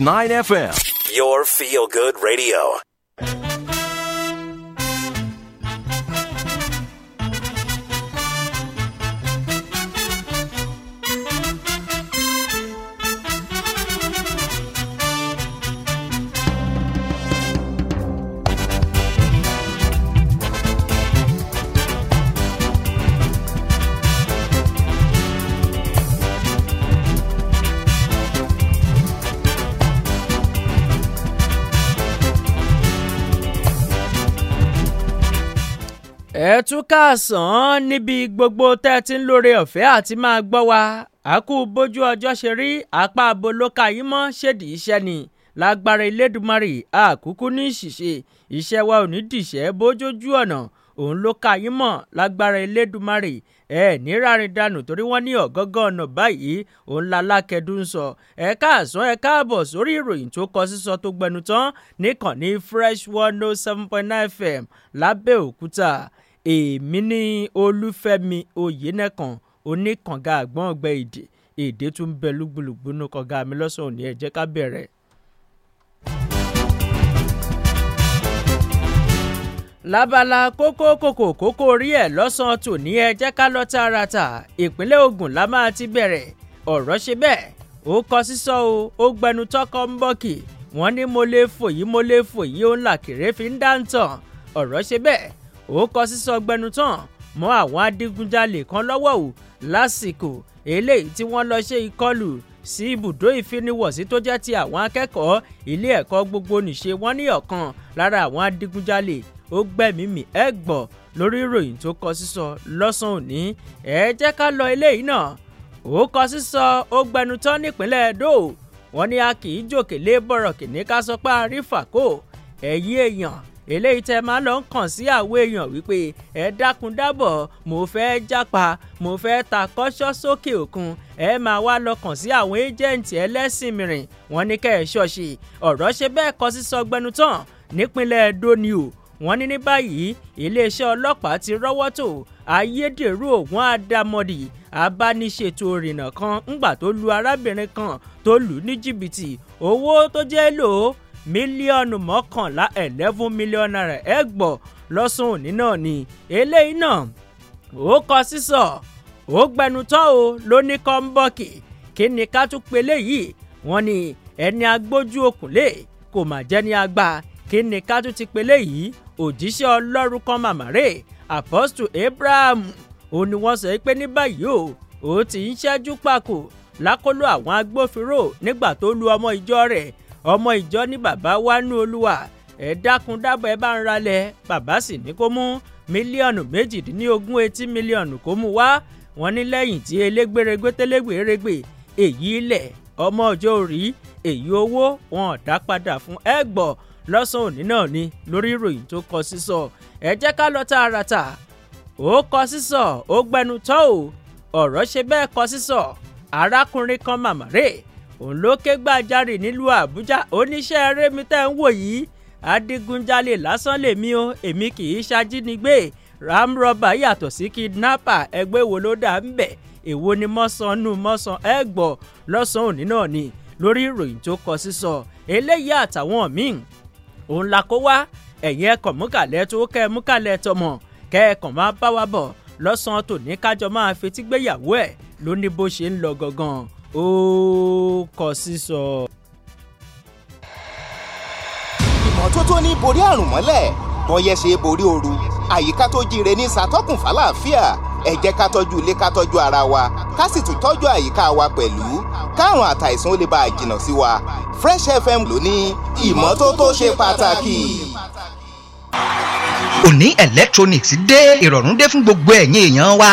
9 FM. Your feel good radio. tún káàsán níbi gbogbo tẹ́ ẹ ti ń lóore ọ̀fẹ́ àti máa gbọ́ wa àkú bójú ọjọ́ ṣe rí apá abolóka yìí mọ́ ṣèdí iṣẹ́ ni lágbára Elédùmarè àkúkú ní ṣìṣe iṣẹ́ wa ò ní dìṣẹ́ bójójú ọ̀nà òun ló ka yín mọ̀ lágbára Elédùmarè ẹ ní rárin dànù torí wọ́n ní ọ̀gángan ọ̀nà báyìí òun la lákẹ́dù ń sọ ẹ káàsán ẹ káàbọ̀ sórí ìròyìn tó kọ sísọ tó gbẹnu tán níkànnì fresh one oh seven point nine fm lábẹ́òkúta èmi ní olúfẹ́mi oyènẹ́kan oníkànga àgbọ̀ngbẹ èdè èdè tún ń bẹ lúgbìlúgbì nù kànga mi lọ́sàn-án òní ẹ jẹ́ ká bẹ̀rẹ̀. lábala kókó kòkò kókó orí ẹ̀ lọ́sàn-án tòní ẹ jẹ́ ká lọ tààràtà ìpínlẹ̀ Ògùn la máa ti bẹ̀rẹ̀ ọ̀rọ̀ ṣe bẹ́ẹ̀ ó kọ sísọ o ó gbẹnu tọkọ ń bọ̀ kì wọ́n ní mo lè fòyí mo lè fòyí ó ń là kéré fi ń dáńtàn ọ̀rọ̀ ṣe bẹ́ẹ̀ ó kọ sísọ gbẹnutàn mọ́ àwọn adigunjalè kan lọ́wọ́ o lásìkò eléyìí tí wọ́n lọ ṣe ìkọlù sí ibùdó ìfiniwọ̀sí tó jẹ́ ti àwọn akẹ́kọ̀ọ́ ilé ẹ̀kọ́ gbogbo nìṣe wọ́n ní ọ̀kan lára àwọn adigunjalè ó gbẹ̀mímì ẹgbọ̀ lórí ìròyìn tó kọ sísọ lọ́sàn-án òní ẹ jẹ́ ká lọ eléyìí náà ó kọ sísọ ó gbẹnután nípínlẹ̀ edo wọ́n ní a kì í jòkè lé bọ̀rọ̀ kìnní sọ pé a rí fàkó ẹ̀yí èèyàn eléyìí tẹ́ máa lọ ń kàn sí àwọn èèyàn wípé ẹ dákun dábọ̀ mo fẹ́ jápa mo fẹ́ ta kọ́ṣọ́ sókè òkun ẹ máa wá lọkàn sí àwọn éjẹǹtì ẹlẹ́sìn mìrìn wọ́n ní kẹ́ ẹ ṣọ́ọ̀ṣì ọ̀rọ̀ ṣe bẹ́ẹ̀ kọ sí sọgbẹnu tán nípínlẹ̀ Edo ni o wọ́n ní ní báyìí iléeṣẹ́ ọlọ́pàá ti rọ́wọ́ tó ayédèrú ògùn àdàmọ̀dì abániṣètò òrìnnà kan ńgbà tó lu arábìnrin kan tó lù ní jìbìtì owó tó jẹ́ lò ó mílíọ̀nù mọ́kànlá eleven million naira ẹ gbọ́ lọ́sùn òní náà ni eléyìí náà ó kọ sísọ ó gbẹnutọ́ o ló ní kọ́ńbọ́ọ̀kì kí ni ká tún pe léyìí wọ́n ní ẹni agbójú òkùnlé kò mà jẹ́ ní agbá kí ni ká tún ti pe léyìí òjíṣẹ́ ọlọ́run kan màmárè apostle abraham ó ní wọ́n sọ pé ní báyìí o ó ti ń ṣẹ́jú pàkó lákọlò àwọn agbófinró nígbà tó lu ọmọ ìjọ rẹ̀ ọmọ ìjọ ní bàbá wánú olúwa ẹ dákun dábọ̀ ẹ bá ń ralẹ̀ bàbá sì ní kó mú mílíọ̀nù méjìdínlógún etí mílíọ̀nù kó mú wá wọn ní lẹ́yìn tí elégbèrègbè télégbèrègbè èyí ilẹ̀ ọmọ ọjọ́ orí èyí owó wọn ò dá padà fún ẹgbọ̀n lọ́sàn òní náà ni lórí ìròyìn tó kọ sísọ ẹ jẹ́ ká lọ tààràtà ó kọ sísọ ó gbẹnu tọ́ ò ọ̀rọ̀ ṣe bẹ́ẹ̀ kọ sísọ arákùnrin kan màmá rèé òun ló ké gbàjarè nílùú àbújá oníṣẹ́ erémi tẹ́ ń wò yìí adigunjalè lásán lèmi o èmi kì í ṣajínigbé ramrọba yàtọ̀ sí kidnapper ẹgbẹ́ wo ló dà ń bẹ̀ èwo ni mọ́sán nù mọ́sán ẹ gbọ́ lọ́sàn òní náà ni lórí ìròyìn tó kọ sísọ eléyìí àtàwọn míì òun la kó wá ẹ̀yìn ẹkọ̀ múkàlẹ́ tó kẹ́ múkàlẹ́ tọmọ kẹ́ ẹkàn máa bá wa bọ̀ lọ́sàn tòní kájọ máa fetí gbéyàwó ẹ̀ ló bó ṣe ń lọ gangan ó kọ sísọ. ìmọ́tótó ní borí àrùn mọ́lẹ̀ bọ́yẹ̀ ṣe borí ooru àyíká tó jíire ní ṣàtọ́kùn fàlàáfíà ẹ jẹ́ ká tọ́jú ilé ká tọ́jú ara wa ká sì tún tọ́jú àyíká wa pẹ̀lú káàrùn àtàìsàn ó lè bá a sí wa Fresh FM ló ní ìmọ́tótó ṣe pàtàkì. Òní electronics dé ìrọ̀rùn dé fún gbogbo ẹ̀yin èèyàn wa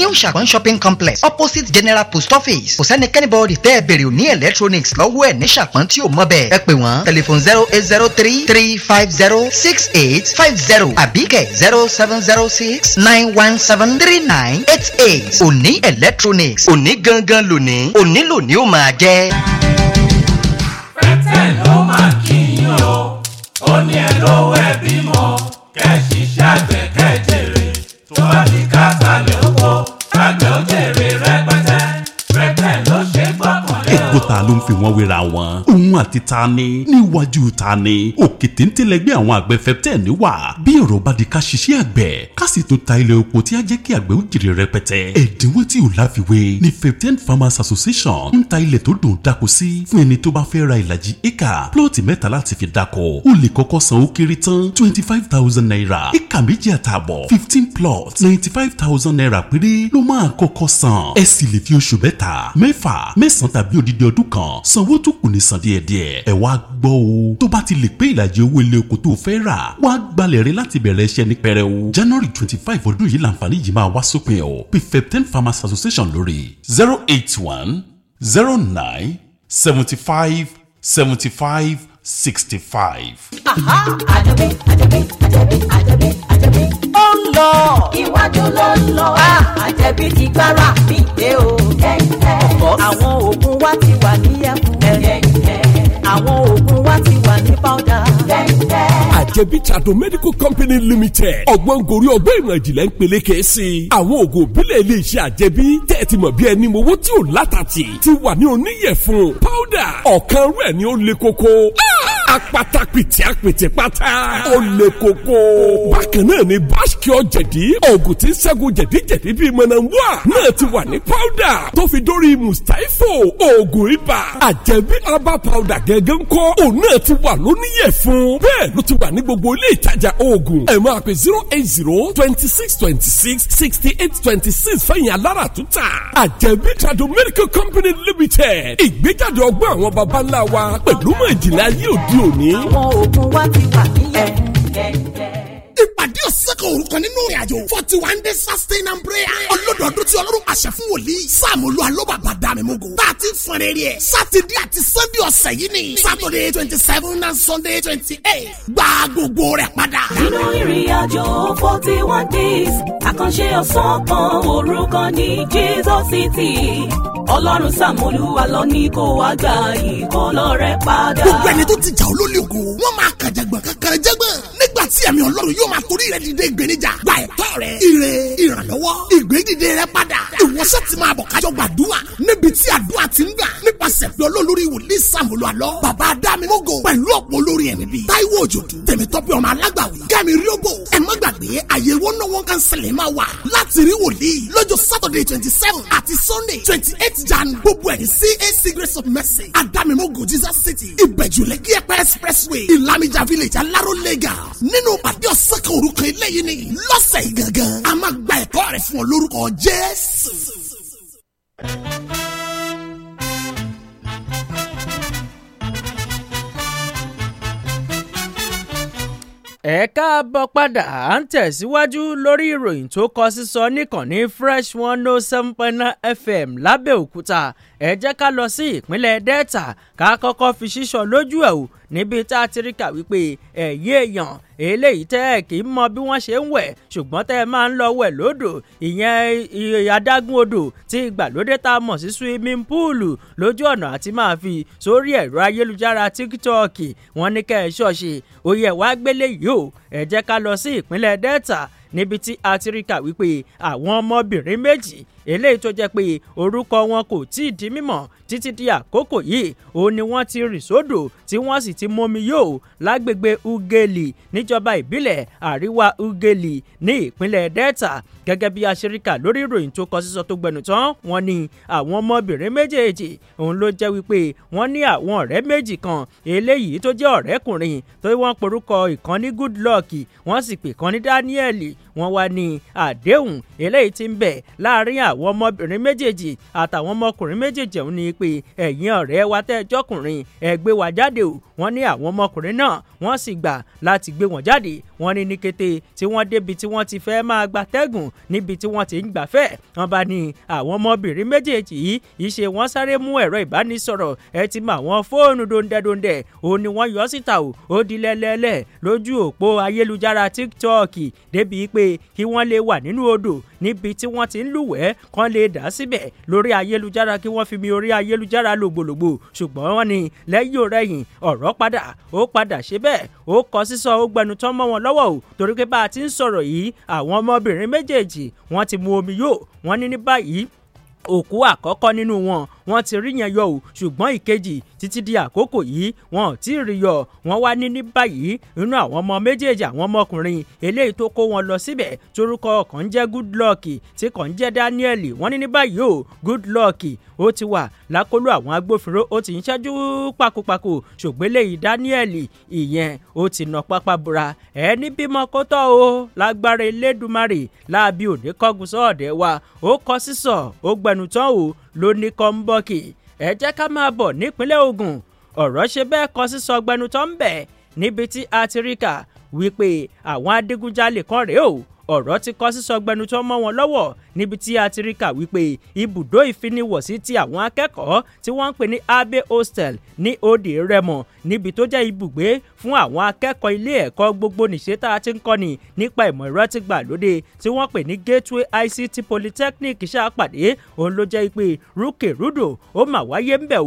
new Ṣàpọ́n shopping complex opposite general post office kò sẹ́nikẹ́ni bọ́ọ̀dì tẹ́ ẹ bèrè ní electronics lọ́wọ́ ẹ̀ ní Ṣàpọ́n tí ò mọ̀ bẹ́ẹ̀ ẹ pè wọ́n telephone zero eight zero three three five zero six eight five zero àbíkẹ́ zero seven zero six nine one seven three nine eight eight òní electronics òní gangan lónìí òní lónìí ó máa jẹ́. pẹ́tẹ́ ló máa kí yín o ó ní ẹ lówó ẹ bímọ kẹ́ ṣiṣẹ́ àgbẹ̀ kẹ́ jẹ́ tó bá di ká àgbẹ̀ ó kó àgbẹ̀ ó jèrè. ta ló ń fi wọ́n wéra wọn. òun àti ta ni níwájú ta ni òkè téńtélẹ́gbẹ́ àwọn àgbẹ̀ fẹ́tẹ̀ ní wà. bí ọ̀rọ̀ bá di ká ṣiṣẹ́ àgbẹ̀ ká sì tún ta ilẹ̀ oko tí á jẹ́ kí àgbẹ̀ ó jèrè rẹpẹtẹ. ẹ̀dínwó tí ò láfiwé ni fifteen farmers association ń ta ilẹ̀ tó dùn dáko sí fún ẹni tó bá fẹ́ ra ìlàjì éka plọ́ọ̀tì mẹ́ta láti fi dáko ó lè kọ́kọ́ san ó kéré tán twenty five thousand naira éka méjì àtààbọ̀ fifteen plots ninety five thousand naira péré ló máa san ẹ sì lè fi oṣù mẹ́ta mẹ́fà ọdún kan sanwó tó kù ní san díẹ̀díẹ̀ ẹ wá gbọ́ o tó bá ti lè pé ìlàjì owó ilé oko tó fẹ́ rà wá gbalẹ̀ rẹ láti bẹ̀rẹ̀ iṣẹ́ ní pẹrẹu january twenty five ọdún yìí làǹfààní yìí máa wá sópin o pfepten farmers association lórí zero eight one zero nine seventy five seventy five Sixty-five. Àjọbí, àjọbí, àjọbí, àjọbí, àjọbí. Ó ń lọ. Iwájú ló ń àjẹbí trado medical company limited ọ̀gbọ́ngòrí ọgbọ́n ìmọ̀ ìjìnlẹ̀ ń peléke sí i. àwọn oògùn òbílẹ̀ ilé iṣẹ́ àjẹbí tẹ́ ẹ ti mọ̀ bí ẹni mowó tí ò látàtì ti wà ní oníyẹ̀fun powder ọ̀kan rẹ̀ ni ó le koko. Ah! apatapìtì apìtì pátá. ó le koko. bákan náà ni báṣkì ọ̀jẹ̀dí oògùn tí ń ṣẹ́gun jẹ̀díjẹ̀dí bíi mọ̀nàmúà náà ti wà ní pọ́dà tó fi dórí mùsítáífò oògùn ibà àjẹbí herbal powder gẹ́gẹ́ ń kọ́ òun náà ti wà lóníyẹ̀ fún. bẹ́ẹ̀ ló ti wà ní gbogbo ilé ìtajà oògùn ẹ máa pè zero eight zero twenty six twenty six sixty eight twenty six fẹ̀yìn alára tuta àjẹbí trado medical company limited ìgbéjáde ọgbọ́n àwọn baba ńlá wa pẹ̀lú mọ̀ ìjìnlẹ̀ ayé òdi òní. àwọn oògùn wa ti wà nílẹ̀ ìpàdé ọ̀sẹ̀ kan òru kan nínú ìrìn àjò forty one days sustain and prayer ọlọ́dọọdún tí ọlọ́run pàṣẹ fún wòlíì sáàmù olú alóba bàdá mi mọ́gò tá a ti fún ẹrẹ́ rẹ̀ sátidé àti sọ́ndé ọ̀sẹ̀ yìí ni saturday twenty seven and sunday twenty eight gba gbogbo rẹ̀ padà. nínú ìrìn àjò forty one days àkànṣe ọ̀sán kan òru kan ní jesus city ọlọ́run sáàmù olú alọ́ ní kó wá gba ìkólọ́ rẹ̀ padà. gbogbo ẹni tó ti jà ó lólè ògo wọn máa tí ẹ̀mí ọlọ́run yóò máa torí rẹ dìde ìgbéníjà gba ẹ̀tọ́ rẹ ire ìrànlọ́wọ́ ìgbédìde rẹ padà ìwọ́sẹ̀ ti máa bọ̀ kájọ gbàdúrà níbi tí àdúrà ti ń gbà nípasẹ̀ pé olólórí wòlíì sàmúlò àlọ́ bàbá adámimógo pẹ̀lú ọ̀pọ̀ olórí ẹ̀mí bíi táíwò òjòdù tèmítọ́pẹ́ ọmọ alágbàwí kẹ́mi ríogbò ẹ̀ má gbàgbé àyẹ̀wò náà wọ́n kan sẹ̀lẹ̀ máa wà láti rí wòlíì lọ́jọ́ sátọ̀dẹ̀ twenty seven àti sunday twenty eight jan gbogbo ẹ̀ ní cac grace of mercy adámimógo jesus city ìbẹ̀jùlẹ̀ kí ẹ̀pẹ́ expressway ìlàmìjà village aláró lagos nínú pàdé ọ̀sán kan orúkọ eléyìí ni lọ́sẹ̀ yìí gangan a máa gba ẹ̀kọ́ rẹ̀ fún ọ lórúkọ Jésù. ẹ káàbọ̀ padà à ń tẹ̀síwájú lórí ìròyìn tó kọ sísọ níkànnì fresh one oh seven point nine fm lábẹ́òkúta ẹ jẹ́ ká lọ sí ìpínlẹ̀ delta ká kọ́kọ́ fi ṣíṣọ lójú ẹ̀ o níbi tá a ti rí kà wípé ẹ̀yí èèyàn eléyìí tẹ́ ẹ̀ kì í mọ bí wọ́n ṣe ń wẹ̀ ṣùgbọ́n tẹ́ ẹ máa ń lọ wẹ̀ lódò ìyẹn adágún odò tí ìgbàlódé tá a mọ̀ sí swimming pool lójú ọ̀nà àti máa fi sórí ẹ̀rọ ayélujára tiktok wọ́n ní kẹ́ ẹ ṣọ́ọ̀ṣì òye ẹ̀ gbélé yìí o ẹ jẹ́ ká lọ sí ìpínlẹ̀ delta níbi tí a ti rí kà wípé àwọn ọmọbìnrin méjì eléyìí tó jẹ́ pé orúkọ wọn kò tí ì di mímọ̀ títí di àkókò yìí òun ni wọ́n ti rì sódò tí wọ́n sì ti mómi yóò lágbègbè ugeli níjọba ìbílẹ̀ àríwá ugeli ní ìpínlẹ̀ delta gẹ́gẹ́ bí aṣeríkà lórí ìròyìn tó kọ sísọ tó gbẹnu tán wọ́n ní àwọn ọmọbìnrin méjèèjì òun ló jẹ́ wípé wọ́n ní àwọn ọ̀rẹ́ méjì kan eléyìí tó jẹ́ ọ̀rẹ́kùnrin tó wọ́n porúkọ ìkan goodluck wọ́n sì pè kan ní daniel wọ́n wá ní àdéhùn eléyìí tí ń bẹ láàrin àwọn ọmọbìnrin méjèèjì àtàwọn ọmọkùnrin méjèèjì ọ̀hún ni pé ẹ̀yin ọ̀rẹ́ wa tẹ́ jọ́kùnrin wa jáde o wọ́n ní àwọn ọmọkùnrin náà wọ́n sì gbà láti gbé wọn jáde wọ́n ní ní kété tí wọ́n débi tí wọ́n ti fẹ́ máa gbatẹ́gùn níbi tí wọ́n ti ń gbàfẹ́ wọ́n bá ní àwọn ọmọbìnrin méjèèjì yìí ìṣe wọ́n sáré mú ẹ̀rọ ìbánisọ̀rọ̀ ẹ ti mọ àwọn fóònù dondẹ́dondẹ́ òun ni wọ́n yọ síta o ó di lẹ́lẹ́lẹ́ lójú òpó ayélujára tiktok débìí pé pé kí wọ́n lè wà nínú odò níbi tí wọ́n ti ń lúwẹ̀ẹ́ kán lè dà síbẹ̀ lórí ayélujára kí wọ́n fi mi orí ayélujára lògbòlògbò ṣùgbọ́n wọ́n ní lẹ́yìn ọ̀rẹ́yìn ọ̀rọ̀ padà ó padà ṣe bẹ́ẹ̀ ó kọ sísọ ó gbẹnu tán mọ́ wọn lọ́wọ́ o torí pé bá a ti ń sọ̀rọ̀ yìí àwọn ọmọbìnrin méjèèjì wọ́n ti mu omi yó wọ́n ní ní báyìí òkú àkọ́kọ́ nínú wọn wọ́n ti rí yẹn yọ o ṣùgbọ́n ìkejì títí di àkókò yìí wọn ò tí ì rí yọ wọ́n wá ní ní báyìí inú àwọn ọmọ méjèèjì àwọn ọmọkùnrin eléyìí tó kó wọn lọ síbẹ̀ torúkọ kan jẹ́ Goodluck tí kan jẹ́ Daniel wọ́n ní ní báyìí o Goodluck ó ti wà lákọlò àwọn agbófinró ó ti ń ṣẹ́jú pakopako ṣùgbọ́n eléyìí Daniel ìyẹn ó ti nà pápá bora ẹni bímọ kó tọ́ o lágbára Elédùmarè láabi òní kọ́gun sọ́ọ̀dẹ̀ wa ó kọ sísọ ó gbẹnu o ló ní kọ́ńbọ́ọ̀kì ẹ jẹ́ ká máa bọ̀ nípínlẹ̀ Ògùn ọ̀rọ̀ ṣe bẹ́ẹ̀ kọ sí sọgbẹnutọ́ ń bẹ̀ níbi tí a ti rí kà wípé àwọn adigunjalè kan rèé o ọ̀rọ̀ ti kọ́ sísọ gbẹnutọ́ mọ́ wọn lọ́wọ́ níbi tí a ti rí kà wípé ibùdó ìfiniwọ̀sí ti àwọn akẹ́kọ̀ọ́ tí wọ́n ń pè ní Abe Hostel ní Òde Rẹ́mọ níbi tó jẹ́ ibùgbé fún àwọn akẹ́kọ̀ọ́ ilé ẹ̀kọ́ gbogbo nìṣe tá a ti ń ni nípa ìmọ̀ ẹ̀rọ ti gbà lóde tí wọ́n pè ní Gateway ICT Polytechnic ṣàpàdé òun ló jẹ́ pé rúkèrúdò ó mà wáyé ń bẹ̀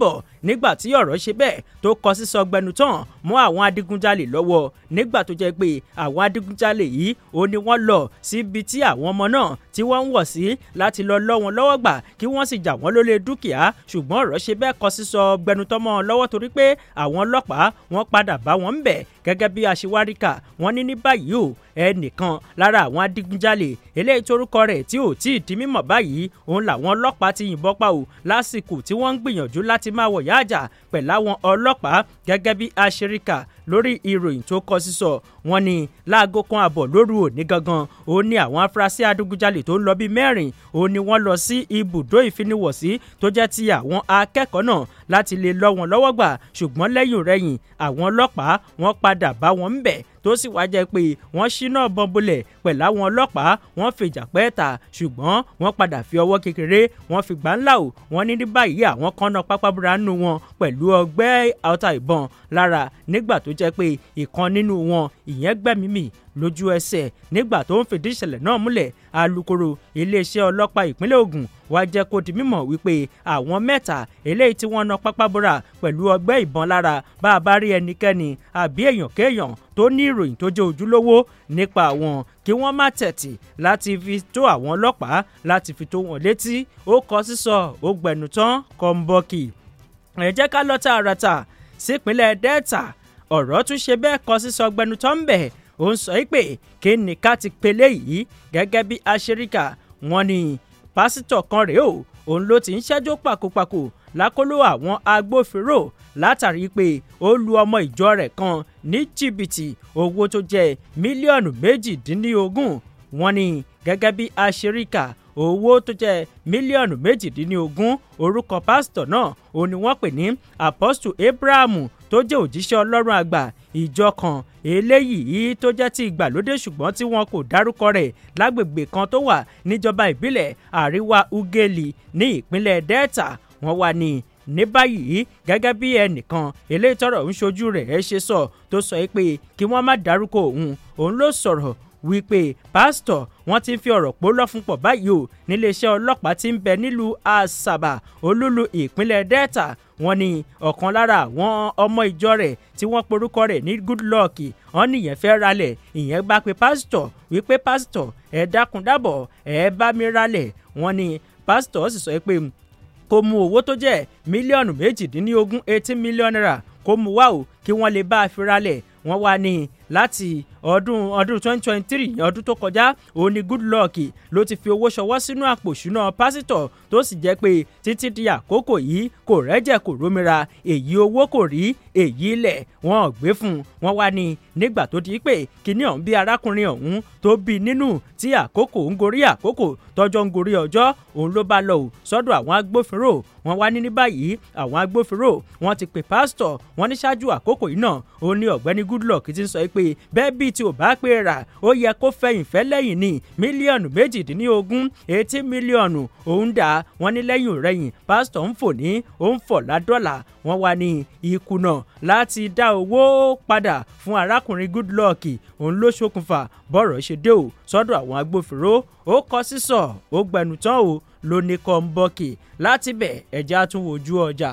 wò nígbà tí ọ̀rọ̀ ṣe bẹ́ẹ̀ tó kọ sísọ gbẹnu tán mọ́ àwọn adigunjalè lọ́wọ́ nígbà tó jẹ́ pé àwọn adigunjalè yìí ó ní wọ́n lọ síbi tí àwọn ọmọ náà tí wọ́n ń wọ̀ sí láti lọ lọ́ wọn lọ́wọ́ gbà kí wọ́n sì jà wọ́n lólè dúkìá ṣùgbọ́n ọ̀rọ̀ ṣe bẹ́ẹ̀ kọ sísọ gbẹnu tán mọ́ lọ́wọ́ torí pé àwọn ọlọ́pàá wọ́n padà bá wọn ń bẹ̀ gẹ́gẹ́ bí aṣíwárìkà wọ́n ní ní báyìí o ẹnìkan lára àwọn adigunjalè eléyìí torúkọ rẹ̀ tí ò tí ì di mímọ̀ báyìí òun làwọn ọlọ́pàá ti yìnbọn pa o lásìkò tí wọ́n ń gbìyànjú láti máa wọ̀yá láàjà pẹ̀láwọn ọlọ́pàá gẹ́gẹ́ bí aṣeríkà lórí ìròyìn tó kọ sísọ wọ́n ní láago kan àbọ̀ lóru òní gangan òun ní àwọn afurasí adigunjalè tó ń lọ bíi mẹ́rin òun ni wọ́n lọ sí ibùdó ìfiniwọ̀sí tó jẹ́ ti àwọn akẹ́kọ̀ọ́ náà láti lè lọ wọn lọ́wọ́ gbà ṣùgbọ́n lẹ́yìn rẹ̀yìn àwọn ọlọ́pàá wọ́n padà bá wọn ń bẹ̀ tó sì wá jẹ́ pé wọ́n ṣínà bọmbulẹ pẹ̀lú àwọn ọlọ́pàá wọ́n fìjà pẹẹta ṣùgbọ́n wọ́n padà fi ọwọ́ kékeré wọ́n fi gbà ńlá o wọ́n ní ní báyìí àwọn kan náà nù wọn pẹ̀lú ọgbẹ́ ọta ìbọn lára nígbà tó jẹ́ pé ìkan nínú wọn ì ìyẹn gbẹ́mìí mì lójú ẹsẹ̀ nígbà tó ń fìdí ìṣẹ̀lẹ̀ náà múlẹ̀ alūkkóró iléeṣẹ́ ọlọ́pàá ìpínlẹ̀ Ògùn wá jẹ́ kó di mímọ̀ wípé àwọn mẹ́ta eléyìí tí wọ́n na pápábọ́ra pẹ̀lú ọgbẹ́ ìbọn lára bá a bá rí ẹnikẹ́ni àbí èèyàn kéèyàn tó ní ìròyìn tó jẹ́ ojúlówó nípa àwọn kí wọ́n má tẹ̀tì láti fi tó àwọn ọlọ́pàá láti fi tó wọn létí ó kọ sísọ ó gbẹ̀nù tán ká lọ tààràtà sípínlẹ̀ Delta ọ̀rọ̀ tún ṣe bẹ́ẹ̀ kọ sísọ gbẹnutọ́ ń bẹ̀ ó ń sọ pé kí nìka ti pelé yìí gẹ́gẹ́ bí aṣeríkà wọn ni pásítọ̀ kan rèé o òun ló ti ń ṣẹ́jọ́ pàkópàkó lákòlò àwọn agbófinró látàrí pé ó lu ọmọ ìjọ rẹ̀ kan ní jìbìtì owó tó jẹ́ mílíọ̀nù méjìdínlógún wọn ni gẹ́gẹ́ bí aṣeríkà owó tó jẹ́ mílíọ̀nù méjìdínlógún orúkọ pásítọ̀ náà òun ni wọ́n pè ní apostle abrahamu tó jẹ́ òjíṣẹ́ ọlọ́run àgbà ìjọ kan eléyìí tó jẹ́ ti ìgbàlódé ṣùgbọ́n tí wọn kò dárúkọ rẹ̀ lágbègbè kan tó wà níjọba ìbílẹ̀ àríwá ugeli ní ìpínlẹ̀ delta wọ́n wà ní ní báyìí gẹ́gẹ́ bí ẹnìkan eléyìí tọ́rọ̀ ń ṣojú rẹ̀ ẹ ṣe sọ tó sọ pé kí wọ́n má dárúkọ òun òun ló sọ̀rọ̀ wípé pásítọ̀ wọ́n ti ń fi ọ̀rọ̀ pó lọ́fun pọ̀ báyìí o níléeṣẹ́ ọlọ́pàá ti ń bẹ nílùú àṣàbà olúlu ìpínlẹ̀ delta wọ́n ní ọ̀kan lára àwọn ọmọ ìjọ rẹ̀ tí wọ́n porúkọ rẹ̀ ní goodluck wọ́n nìyẹn fẹ́ ralẹ̀ ìyẹn bá pe pásítọ̀ wípé pásítọ̀ ẹ dákun dábọ̀ ẹ bá mi ralẹ̀ wọ́n ní pásítọ̀ sì sọ pé kó mú owó tó jẹ́ mílíọ̀nù méjìdínlógún eighteen million naira kó mú wá o kí wọ́n lè bá a fi wọ́n wá ní láti ọdún ọdún 2023 ọdún tó kọjá òun ni Goodluck ló ti fi owó ṣọwọ́ sínú àpò ìṣúná pásítọ̀ tó sì jẹ́ pé títí di àkókò yìí kò rẹ́jẹ̀ kò rómìnira èyí owó kò rí èyí ilẹ̀ wọn ò gbé fún wọn wá ní nígbà tó di pé kíní ọ̀hún bí arákùnrin ọ̀hún tó bí nínú tí àkókò ń gorí àkókò tọjọ́ ń gorí ọjọ́ òun ló bá lọ sọ́dọ̀ àwọn agbófinró wọn wá ní ní báyìí àwọn agbófinró wọn ti pè pásítọ̀ wọn ní ṣáájú àkókò yìí náà òun ni ọ̀gbẹ́ni Goodluck ti ń sọ pé bẹ́ẹ̀ bí tí ò bá pé rà ó yẹ kó fẹ̀yìn fẹ́ lẹ́yìn ní mílíọ̀nù méjìdínlógún etí mílíọ̀nù òun dà wọ́n ní lẹ́yìn òrẹ́yìn pásítọ̀ ń fò ní òun fọ̀ ládọ́là wọ́n wá ní ìkùnà láti dá owó padà fún arákùnrin Goodluck òun ló ṣokùnfà bọ́rọ̀ ṣe dé o sọ́dọ̀ àwọn agbófinró ó kọ sísọ ó gbẹnután o ló ní kọ́ńbọ́ọ̀kì láti bẹ̀ ẹ̀já tún wojú ọjà.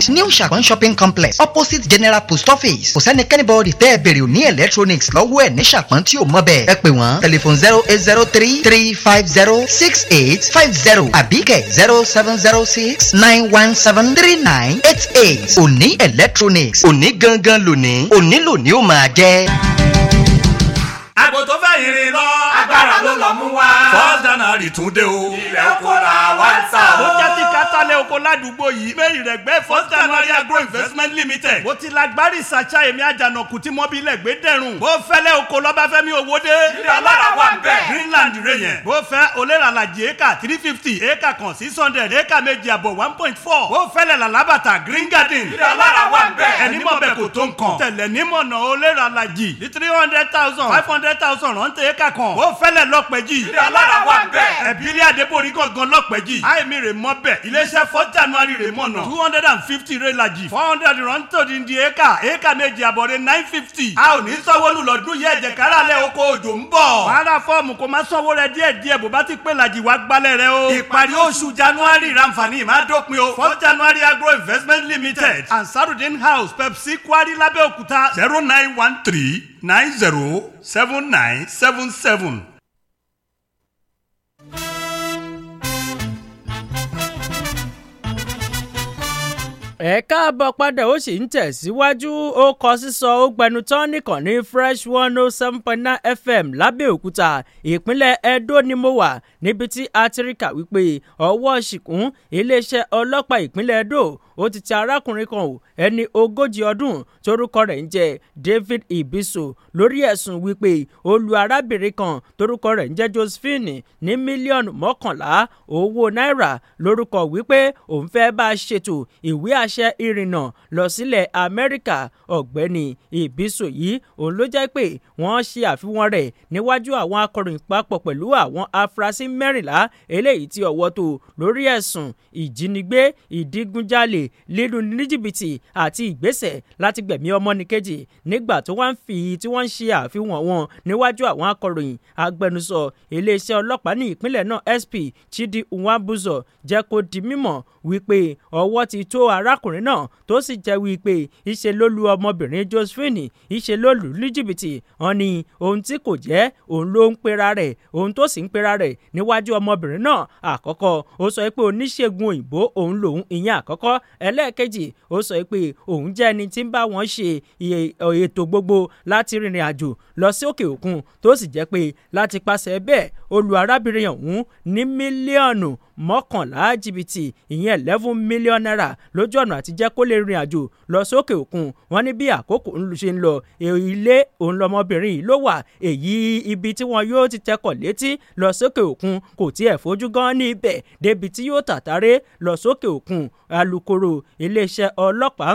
find new Ṣàpọ́n shopping complex opposite general post office kò sẹ́ni kẹ́nìbọ̀dì tẹ́ ẹ bèrè ní electronics lọ́wọ́ ẹ̀ ní Ṣàpọ́n tí o mọ̀ bẹ́ẹ̀ ẹ pè wọ́n tẹlifon zero eight zero three three five zero six eight five zero Abike zero seven zero six nine one seven three nine eight eight òní electronics òní gangan lónìí òní lónìí ó máa jẹ́. àgbò tó fẹ́ ìrìn lọ. agbára ló lọ mú wa. first january tún dé o. ilẹ̀ oko la wá ń tà o. mo jẹ́ ti kátàlẹ̀ oko ládùúgbò yìí. ilé ìrẹ̀gbẹ́ first january agro investment limited. mo ti lágbárí sàṣà èmi àjànàkú tí mọ́bílẹ̀ gbé dẹ̀rùn. bó fẹ́lẹ́ oko lọ́báfẹ́mi owó dé. ilé alára wà ń bẹ̀. greenland rẹ yẹn. bó fẹ́ olérànlájì éka three fifty éka kan hundred éka méjì àbọ̀ one point four. bó fẹ́lẹ̀ green garden. ilé alára wà ń bẹ̀. ẹni mọ̀ bẹ̀ kò tó nǹkan. tẹ̀lẹ̀ three hundred thousand five hundred thousand rán sante eka kan. ó fẹ́lẹ̀ lọ́pẹ́jì. ilé alára wà bẹ́ẹ̀. ẹ̀bílẹ̀ adébórí gangan lọ́pẹ́jì. àìmí rè mọ́ bẹ́ẹ̀. iléeṣẹ́ fọ́ january rè mọ́ náà. two hundred and fifty rẹ̀ lajì. four hundred rántó di di eka eka méje àbọ̀rẹ̀ nine fifty. a ò ní sanwó lù lọ́dún yẹ ẹ̀jẹ̀ kára lẹ̀ oko òjò ń bọ̀. wàhálà fọ́ọ̀mù kò má sanwó rẹ díẹ̀ díẹ̀ bó bá ti pé lajì wá gbalẹ̀ rẹ o. ìparí oṣù january ranfani má dópin o. four january agro investment limited and sarudin house pepsi kwari lábẹ́òkúta zero nine one three 907977. ẹ káàbọ̀ padà ó sì ń tẹ̀síwájú ó kọ sísọ ó gbẹnu tán nìkànnì fresh one oh seven point nine fm lábẹ́òkúta ìpínlẹ̀ edo ni mo wà níbi tí atiríkà wípé ọwọ́ ṣìkún iléeṣẹ́ ọlọ́pàá ìpínlẹ̀ edo ó ti ti arákùnrin kan ò ẹni ogójì ọdún torúkọ rẹ̀ ń jẹ́ david ibiso lórí ẹ̀sùn wípé ó lu arábìnrin kan torúkọ rẹ̀ ń jẹ́ josephine ní mílíọ̀nù mọ́kànlá owó náírà lórúkọ wípé òun fẹ́ bá a ṣètò ìwé àṣẹ aláṣẹ ìrìnnà lọ sílẹ̀ amẹ́ríkà ọ̀gbẹ́ni ìbísòyí òun ló jẹ́ pé wọ́n ṣe àfihàn rẹ̀ níwájú àwọn akọ̀ròyìn papọ̀ pẹ̀lú àwọn afurasí mẹ́rìnlá eléyìí tí ọwọ́ tó lórí ẹ̀sùn ìjínigbé ìdígunjalè lílu ní jìbìtì àti ìgbésẹ̀ láti gbẹ̀mí ọmọnìkejì nígbà tó wá ń fi tí wọ́n ń ṣe àfihàn wọn níwájú àwọn akọ̀ròyìn agbẹnusọ iléeṣẹ́ ọlọ́pàá ní ìpínlẹ̀ náà sp chidi nwambuzo jẹ́ kó di mímọ̀ wípé ọwọ́ ti tó arákùnrin arákùnrin náà tó sì jẹ́wọ́ pé ìṣe ló lu ọmọbìnrin Josephine ìṣe ló lù ní jìbìtì wọn ni ohun tí kò jẹ́ òun ló ń pera rẹ̀ ohun tó sì ń pera rẹ̀ níwájú ọmọbìnrin náà àkọ́kọ́ ó sọ pé oníṣègùn òyìnbó òun lòun ìyẹn àkọ́kọ́ ẹlẹ́ẹ̀kejì ó sọ pé òun jẹ́ ẹni tí ń bá wọn ṣe ètò gbogbo láti rìnrìn àjò lọ sí òkè òkun tó sì jẹ́ pé láti pàṣẹ bẹ́ẹ̀ olù arábìnrin ọ̀hún ní mílíọ̀nù mọ́kànlá jìbìtì ìyẹn eleven million naira lójú ọ̀nà lọ́nà àti jẹ́ kó lè rìn àjò lọ sókè òkun wọ́n ní bí àkókò ṣe ń lọ ilé òun lọmọbìnrin yìí ló wà èyí ibi tí wọn yóò ti tẹkọ̀ létí lọ sókè òkun kò tiẹ̀ fojú gan ní ibẹ̀ débi tí yóò tàtàré lọ sókè òkun alukoro iléeṣẹ́ ọlọ́pàá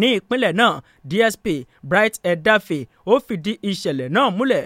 ní ìpínlẹ̀ náà DSP Bright Edafe ó fìdí ìṣẹ̀lẹ̀ náà múlẹ̀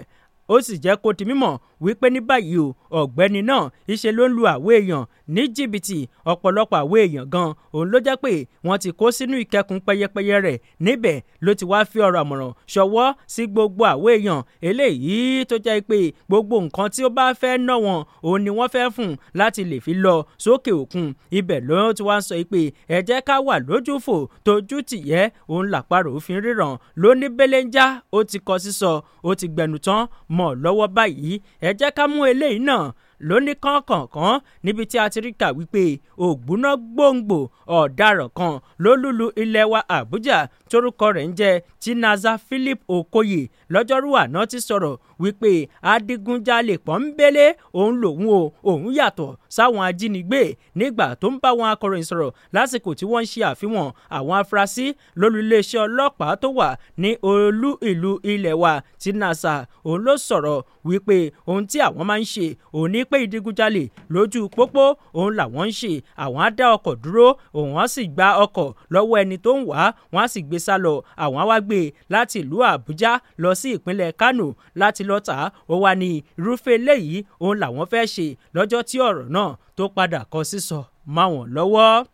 ó sì jẹ́ kó di mímọ̀ wípé ní báyìí o ọ̀gbẹ́ni náà iṣẹ́ ló ń lu àwọn èèyàn ní jìbìtì ọ̀pọ̀lọpọ̀ àwọn èèyàn gan òun ló jẹ́ pé wọ́n ti kó sínú ìkẹ́kùn pẹyẹpẹyẹ rẹ̀ níbẹ̀ ló ti wáá fi ọ̀rọ̀ àmọ̀ràn ṣọwọ́ sí gbogbo àwọn èèyàn eléyìí tó jẹ́ pé gbogbo nǹkan tí ó bá fẹ́ ná wọn òun ni wọ́n fẹ́ fún láti lè fi lọ sókè òkun ibẹ̀ ló ti wá ń sọ pé ẹ jẹ́ ká wà lójúfò tójú tìyẹ́ òun làparò òfin ríran ló ní belenja ó ti kọ sísọ ó ti gbẹnu tán mọ́ lọ́wọ́ báyìí ẹ ẹ jẹ́ ká mú eléyìí náà lóní kọ̀ọ̀kọ̀ọ̀kan níbi tí a ti rí kà wípé ògbóná gbòǹgbò ọ̀daràn kan lólúlu ilẹ̀ wa Àbújá torúkọ rẹ̀ ń jẹ́ Chinaza Philip Okoye lọ́jọ́rú àná ti sọ̀rọ̀ wípé adigunjalè pọ́ńbélé òun lòun o òun yàtọ̀ sáwọn ajínigbé nígbà tó ń bá wọn akọ̀ròyìn sọ̀rọ̀ lásìkò tí wọ́n ń ṣe àfihàn àwọn afurasí lórí iléeṣẹ́ ọlọ́pàá tó wà ní olú ìlú ilẹ̀ wa ti nasa òun ló sọ̀rọ̀ wípé ohun tí àwọn máa ń ṣe òun ní pé ìdigunjalè lójú pópó òun làwọn ń ṣe àwọn á dá ọkọ̀ dúró òun á sì gba ọkọ̀ lọ́wọ́ ẹni tó ń wá wọn á sì gbé sá lọ àwọn á wá gbé e láti ìlú àbújá lọ sí ìpínlẹ̀ kánò láti lọ́tà ó wà ní irúfẹ́ eléyìí òun làwọn fẹ́ ṣe lọ́jọ́ tí ọ̀rọ̀ náà náà tó padà kọ sísọ máwọn lọ́wọ́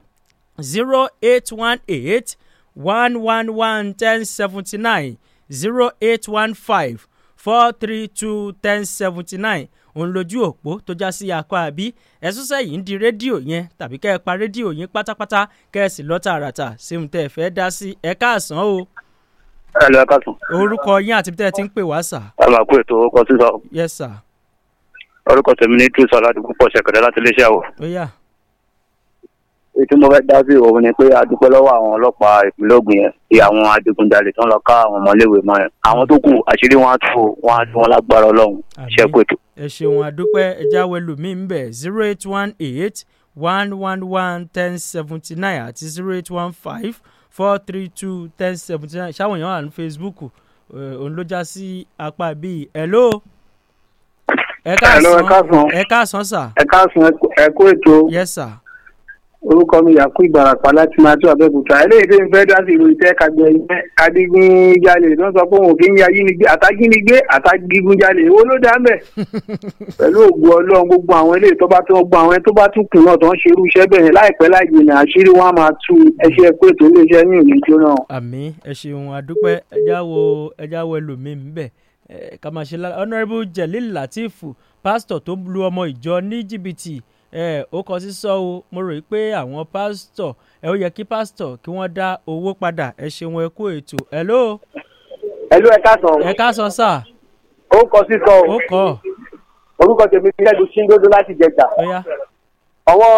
zero eight one eight one one one ten seventy nine zero eight one five four three two ten seventy nine òun lójú òpó tó já sí akọ àbí ẹsùn sẹ́yìn ń di rédíò yẹn tàbí kẹ́ ẹ pa rédíò yín pátápátá kẹ́ ẹ sì lọ tààràtà síhun tẹ́ ẹ fẹ́ dá sí ẹ káàsán o. ẹ lọ ẹ káàsán. orúkọ yín àti bí tẹ́ ẹ ti ń pè wá sà. ẹ máa kú ètò orúkọ sísọ. yes sir orúkọ tèmi ní true salad púpọ̀ ṣẹ̀kẹ̀rẹ̀ láti iléeṣẹ́ àwọ̀. ìtumọ̀ fẹ́ dá sí òun ni pé a lọ́wọ́ àwọn ọlọ́pàá ìpínlẹ̀ Ògùn yẹn bí àwọn adigunjalè tán lọ ká àwọn ọmọléèwé mọ́ yẹn àwọn tó kù àṣírí wọn á tú wọn á tú wọn lágbára Ọlọ́run ṣẹ́kù ètò. ẹ ṣeun àdúpẹ́ ẹja wẹlú mi ń bẹ̀ zero eight one eight one one one ten seventy nine àti zero eight one five four three two ten seventy nine ṣáwọn èèyàn wà ní Facebook òun ló já sí apá bíi hello ẹ káàsán ẹ káàsán sà. ẹ káàsán ẹ kó ètò. yes sir. orúkọ mi yàkú ìgbàràpá láti máa tó àbẹ́òkúta eléyìí tó ń fẹ́ dá sí ìròyìn tẹ́ kadigunjalè náà sọ pé òun kì í ya yínigbé àtagínigbé àtagigunjalè owó ló dá mbẹ. pẹ̀lú ògùn ọlọ́run gbogbo àwọn eléyìí tó bá tún gbọ́ àwọn tó bá tún kùn náà tó ń ṣerú iṣẹ́ bẹ̀rẹ̀ láìpẹ́ láì jìnnà àṣírí wọn á máa tú ẹṣẹ́ pé tó lè ṣẹ́ ní ìlú jóná kàmáṣẹ́lá honourable Jelil Lateef pásítọ̀ tó lu ọmọ ìjọ ní jìbìtì ó kọ sí sọ o mo rò pé àwọn pásítọ̀ ẹ ó yẹ kí pásítọ̀ kí wọ́n dá owó padà ẹ ṣeun ẹ kú ètò hello. hello ẹ káàsán. ẹ káàsán sà. ó kọ sí sọ o. ó kọ. orúkọ tèmi fi ẹdùn síndódó láti jẹjà. Oh, yeah àwọn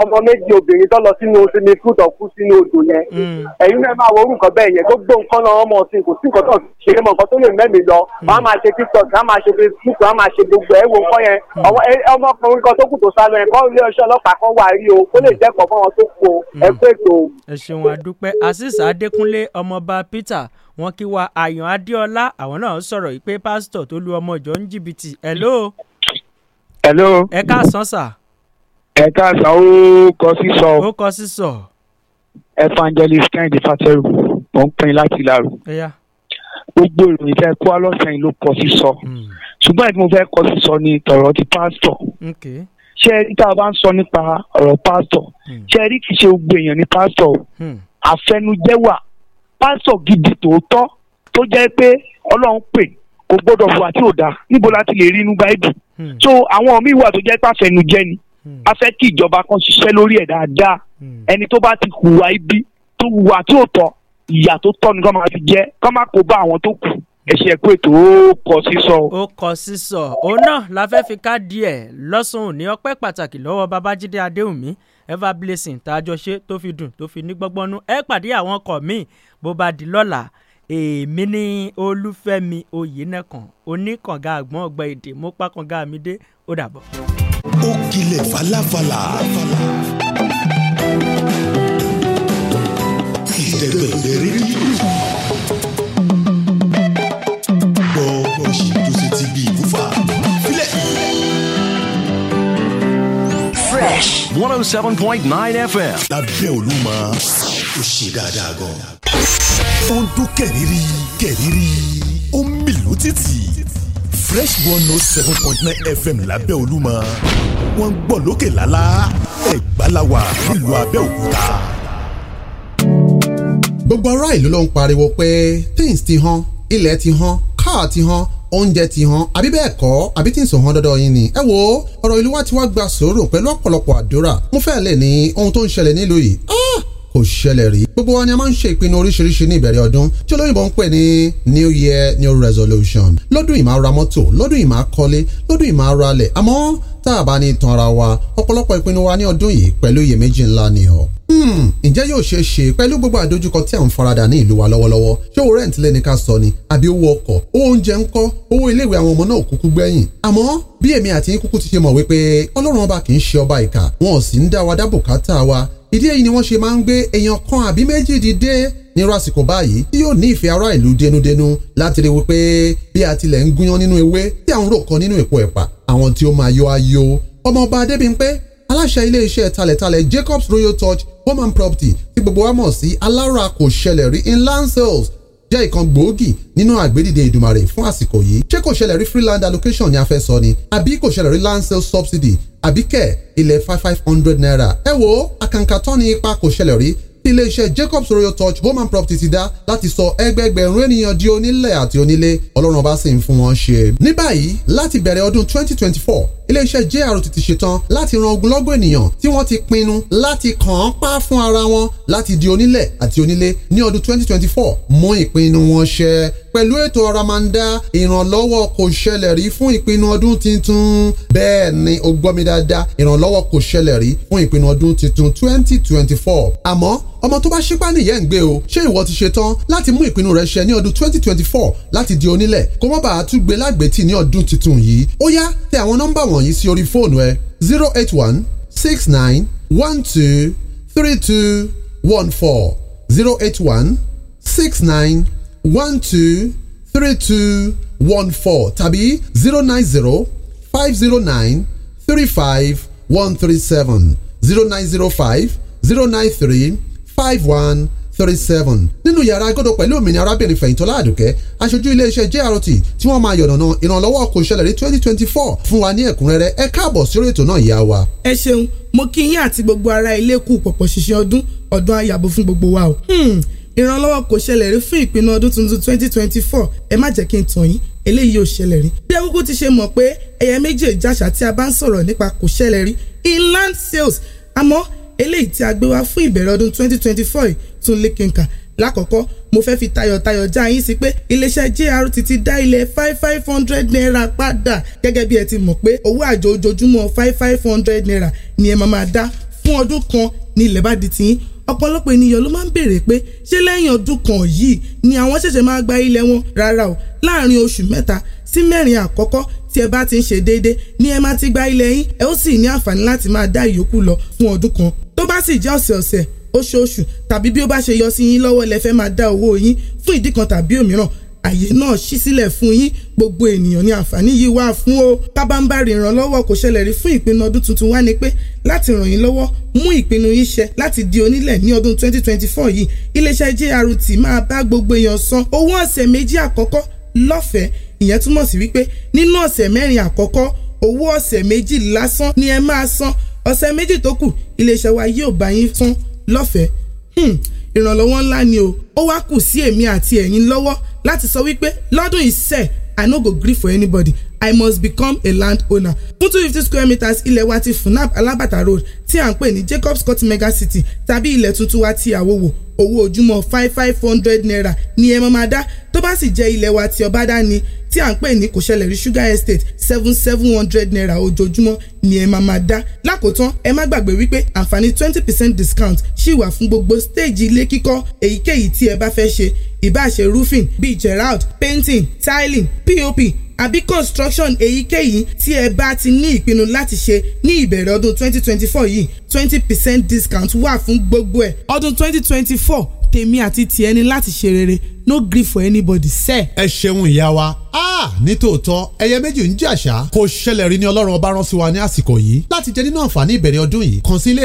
ọmọ méjì obìnrin tó lọ sínú sinmi fún tó kú sínú odò yẹn mm. ẹ̀yin náà máa wo orúkọ bẹ́ẹ̀ yẹn gbogbo nǹkan náà ọmọ ọ̀sìn kò sí nǹkan tó ṣe é mọ̀ nǹkan tó lè mẹ́mìí lọ mm. wọ́n á máa ṣe tiktok wọ́n á máa ṣe facebook wọ́n á máa ṣe gbogbo ẹ̀ wo nǹkan yẹn mm. ọmọkùnrin kan tó kù tó sá lọ ẹ̀kọ́ ilé ọṣẹ́ ọlọ́pàá kan wà rí o kó lè jẹ́kọ̀ọ́ fún wọn tó kù o ẹ kú ètò. ẹ ṣeun àdúpẹ́ azeez adékúnlé ọmọọba ọmọ ìjọ ń sà ẹ káàsán ó kọ sísọ. ó kọ sísọ. evangelist kẹ́hìndé fàtẹ́rù mò ń pín láti ìlàrú. gbogbo ìròyìn fẹ́ kó alọ́sàn yìí ló kọ sísọ. Hmm. ṣùgbọ́n ẹ̀dùn mo fẹ́ kọ sísọ ni tọ̀rọ̀ ti pásítọ̀. ṣé ẹ rí tá a bá ń sọ nípa ọ̀rọ̀ pásítọ̀ hmm. ṣé ẹ rí kì í ṣe gbogbo èèyàn ní pásítọ̀ o hmm. àfẹnujẹ́wà gidi tòótọ́ tó jẹ́ pé ọlọ́run pè kò gbọ́dọ̀ hùwà tí ò dáa níbo láti lè rí inú báyìí so àwọn míì wà tó jẹ́ pàfẹnujẹ́ ni Hmm. a fẹ́ kí ìjọba kan ṣiṣẹ́ lórí ẹ̀ dáadáa hmm. ẹni tó bá ti hùwà ibi tó hùwà tí ò tọ́ ìyà tó tọ́ ni kọ́ máa fi jẹ́ kọ́ máa kó bá àwọn tó kù ẹ̀ṣẹ̀ pé tó kọ sísọ. ó kọ sísọ òun náà la fẹ́ fi ká díẹ̀ lọ́sùn ní ọpẹ́ pàtàkì lọ́wọ́ babájídé adéhùnmí ever blessing tá a jọ ṣe tó fi dùn tó fi ní gbọ́gbọ́nú ẹ pàdé àwọn ọkọ̀ míì bó bá di lọ́la èmi ní olúfẹ́mi oyinẹ̀kan oníkànga àgbọ̀n ọgbà èdè mo pa mi dé ó dàbọ̀ ó kilẹ̀ falafala. ìdẹ̀gbẹ̀dẹ̀ rédíò. fresh one oh seven point nine fm. lábẹ́ Olúmọ ó ṣe dáadáa gan. ó ń dún kẹ̀rìírí kẹ̀rìírí ó ń mìlú títì fresh one note oh seven point nine fm lábẹ́ olúmọ wọ́n ń gbọ́ lókè lálá ẹ̀gbáláwa nílùú abẹ́òkúta. gbogbo ará ìlú ló ń pariwo pé things ti hàn ilẹ̀ ti hàn káà ti hàn oúnjẹ ti hàn àbí bẹ́ẹ̀ kọ́ àbí tí ń sòhàn dandan yín ni. ẹ wo ọ̀rọ̀ ìlú wa ti wá gba sòrò pẹ̀lú ọ̀pọ̀lọpọ̀ àdúrà mo fẹ́ lè ní ohun tó ń ṣẹlẹ̀ nílùú yìí kò ṣẹlẹ̀ rí. gbogbo wa ni a máa ń ṣe ìpinnu oríṣiríṣi ní ìbẹ̀rẹ̀ ọdún tí olóyìnbó ń pè ní new year new resolution lọ́dún yìí máa ra mọ́tò lọ́dún yìí máa kọ́lé lọ́dún yìí ra alẹ̀ àmọ́ tá a bá ní tan ara wa ọ̀pọ̀lọpọ̀ ìpinnu wa ní ọdún yìí pẹ̀lú iyèméjì ńlá ni o. Hmm, ǹjẹ́ yóò ṣeé ṣe pẹ̀lú gbogbo àdójúkọ tí à ń farada ní ìlú wa lọ́wọ́lọ́wọ́ ṣé owó rẹ̀ǹtì lẹ́ni ká sọ ni àbí owó ọkọ̀ owó oúnjẹ ń kọ́ owó iléèwé àwọn ọmọ náà kúkú gbẹ̀yìn. àmọ́ bí èmi àti kúkú ti ṣe mọ̀ wípé ọlọ́run ọba kì í ṣe ọba ìkà wọn ò sì ń dá wa dá wa ìdí èyí ni wọ́n ṣe máa ń gbé èèyàn kan àbí méjì dìde nírú àsìkò báyìí tí yóò ní ìfẹ́ ará ìlú denudenu láti rí wípé bí a tilẹ̀ ń gúnyán nínú ewé tí à ń rò kan nínú èpo ẹ̀pà àwọn tí ó máa yọ ayọ̀ ọmọọba adébímpé aláṣẹ iléeṣẹ́ talẹ̀talẹ̀ Jacob's Royal Touch home and property tí gbogbo wa mọ̀ sí alára kò ṣẹlẹ̀ rí in land sales jẹ́ ìkan gbòógì nínú àgbédìde ìdùmarè fún àsìkò yìí ṣé kò ṣẹlẹ̀ rí free land allocation ni a fẹ́ sọ ni àbí kò ṣẹlẹ̀ rí land sales subsidy àbí kẹ̀ ilẹ̀ five five hundred naira ẹ wo àkàǹkà tán ni ipa kò ṣẹlẹ̀ rí iléeṣẹ́ Jacobs Royal Touch Home and Property ti dá láti sọ ẹgbẹẹgbẹ̀rún ènìyàn di onílẹ̀ àti onílé ọlọ́run ọba sì ń fún wọn ṣe. ní báyìí láti bẹ̀rẹ̀ ọdún 2024 iléeṣẹ́ JR ti ti ṣetán láti ran ogunlọ́gọ̀ ènìyàn tí wọ́n ti pinnu láti kàn án pa fún ara wọn láti di onílẹ̀ àti onílé ní ọdún 2024 mú ìpinnu wọn ṣẹ pẹ̀lú ètò ọ̀ramàndá ìrànlọ́wọ́ kò ṣẹlẹ̀ rí fún ìpinnu ọdún tuntun bẹ́ẹ̀ ni o gbọ́ mi dáadáa ìrànlọ́wọ́ kò ṣẹlẹ̀ rí fún ìpinnu ọdún tuntun twenty twenty four àmọ́ ọmọ tó bá ṣípá nìyẹn ń gbé o ṣé ìwọ ti ṣetán láti mú ìpinnu rẹ ṣẹ ní ọdún twenty twenty four láti di onílẹ̀ kó má bàa tún gbé lágbètì ní ọdún tuntun yìí ó yá tẹ àwọn nọ́mbà wọ̀nyí sí orí fóònù ẹ zero eight one six nine one two three two one four zero eight one six nine one two three two one four tàbí zero nine zero five zero nine three five one three seven zero nine zero five zero nine three five one thirty seven nínú yàrá agodo pẹ̀lú òmìnira arábìnrin fẹ̀yìntọ́lá àdùkẹ́ aṣojú iléeṣẹ́ JRT tí wọ́n máa yọ̀nàna ìrànlọ́wọ́ kò ṣẹlẹ̀ ní twenty twenty four fún wa ní ẹ̀kúnrẹ́rẹ́ ẹ káàbọ̀ sórí ètò náà ìyá wa. ẹ ṣeun mo kí yín àti gbogbo ará ilé kú pọ̀pọ̀ ṣìṣẹ́ ọdún ọdún ayàbò fún gbogbo wa o. Hmm ìrànlọ́wọ́ kò ṣẹlẹ̀ rí fún ìpinnu ọdún tuntun twenty twenty four ẹ má jẹ́ kí n tàn yín eléyìí ò ṣẹlẹ̀ rí. bí akókó ti ṣe mọ̀ pé ẹ̀yà méjì ìjàṣà tí a bá ń sọ̀rọ̀ nípa kò ṣẹlẹ̀ rí inland sales àmọ́ eléyìí tí a gbé wá fún ìbẹ̀rẹ̀ ọdún twenty twenty four tún lékenkà lákọ̀ọ́kọ́ mo fẹ́ fi tayọ̀tayọ̀ já yín sí pé iléeṣẹ́ JRT ti dá ilẹ̀ five five hundred naira padà gẹ́gẹ́ bí ẹ ti mọ̀ pé five five hundred naira ni ẹ máa máa dá fún ọdún ọ̀pọ̀lọpọ̀ ènìyàn ló máa ń béèrè pé ṣé lẹ́yìn ọdún kan yìí ni àwọn ṣẹ̀ṣẹ̀ máa gba ilẹ̀ wọn rárá o láàrin oṣù mẹ́ta sí mẹ́rin àkọ́kọ́ tí ẹ bá ti ń ṣe déédé ni ẹ máa ti gba ilẹ̀ yín ẹ ó sì ní àǹfààní láti máa dá ìyókù lọ fún ọdún kan tó bá sì jẹ́ ọ̀sẹ̀ọ̀sẹ̀ oṣooṣù tàbí bí ó bá ṣe yọ sí yín lọ́wọ́ lẹ fẹ́ máa dá owó yín fún ìdí kan tàbí òmíràn àyè náà ṣí sílẹ̀ fún yín gbogbo ènìyàn ní àǹfààní yìí wá fún o pábánbárì ìrànlọ́wọ́ kò ṣẹlẹ̀ rí fún ìpinnu ọdún tuntun wá ni pé láti ràn yín lọ́wọ́ mú ìpinnu yín ṣẹ láti di onílẹ̀ ní ọdún 2024 yìí iléeṣẹ́ JRT máa bá gbogbo èèyàn san owó ọ̀sẹ̀ méjì àkọ́kọ́ lọ́fẹ̀ẹ́ ìyẹn túmọ̀ sí wípé nínú ọ̀sẹ̀ mẹ́rin àkọ́kọ́ owó ọ̀sẹ̀ méjì lásán ni ẹ máa san ọ̀sẹ̀ méjì tó kù iléeṣẹ́ wa yóò bá yín san lọ́fẹ̀ẹ́ hmm, ìrànlọ́wọ́ ńlá ni o ó wá kù sí èmi àti ẹ̀yin lọ́wọ́ láti sọ wípé lọ́dún ìṣẹ́ I no go gree for anybody I must become a land owner. fún two fifty square meters ilẹ̀ wa ti funab alabata road tí à ń pè ní Jacob Scott mega city tàbí ilẹ̀ tuntun wa ti àwòwò owó ojúmọ́ five five hundred naira ni ẹ máa máa dá tó bá sì jẹ́ ilẹ̀ wa ti ọ̀bádá ni tí à ń pè ní kò rí sugar estate seven seven hundred naira ojoojúmọ́ ni ẹ máa máa dá lákòótán ẹ má gbàgbé wípé àǹfààní twenty percent discount ṣì wà fún gbogbo stage ilé kíkọ́ èyíkéyìí tí ẹ bá fẹ́ ṣe ìbáṣe roofing bíi gerald painting tiling pop àbí construction èyíkéyìí tí ẹ bá ti ní ìpinnu láti ṣe ní ìbẹ̀rẹ̀ ọdún twenty twenty four yìí twenty percent discount wà fún gbogbo ẹ̀ ọdún twenty twenty four tèmi àti tiẹ̀ ni láti ṣe rere no gree for anybody sẹ́. ẹ ṣeun ìyá wa nítòótọ́ ẹyẹ méjì ń jàṣà kò ṣẹlẹ̀ rí ni ọlọ́run ọba rán sí wa ní àsìkò yìí láti jẹ nínú àǹfààní ìbẹ̀rẹ̀ ọdún yìí kàn sí ilé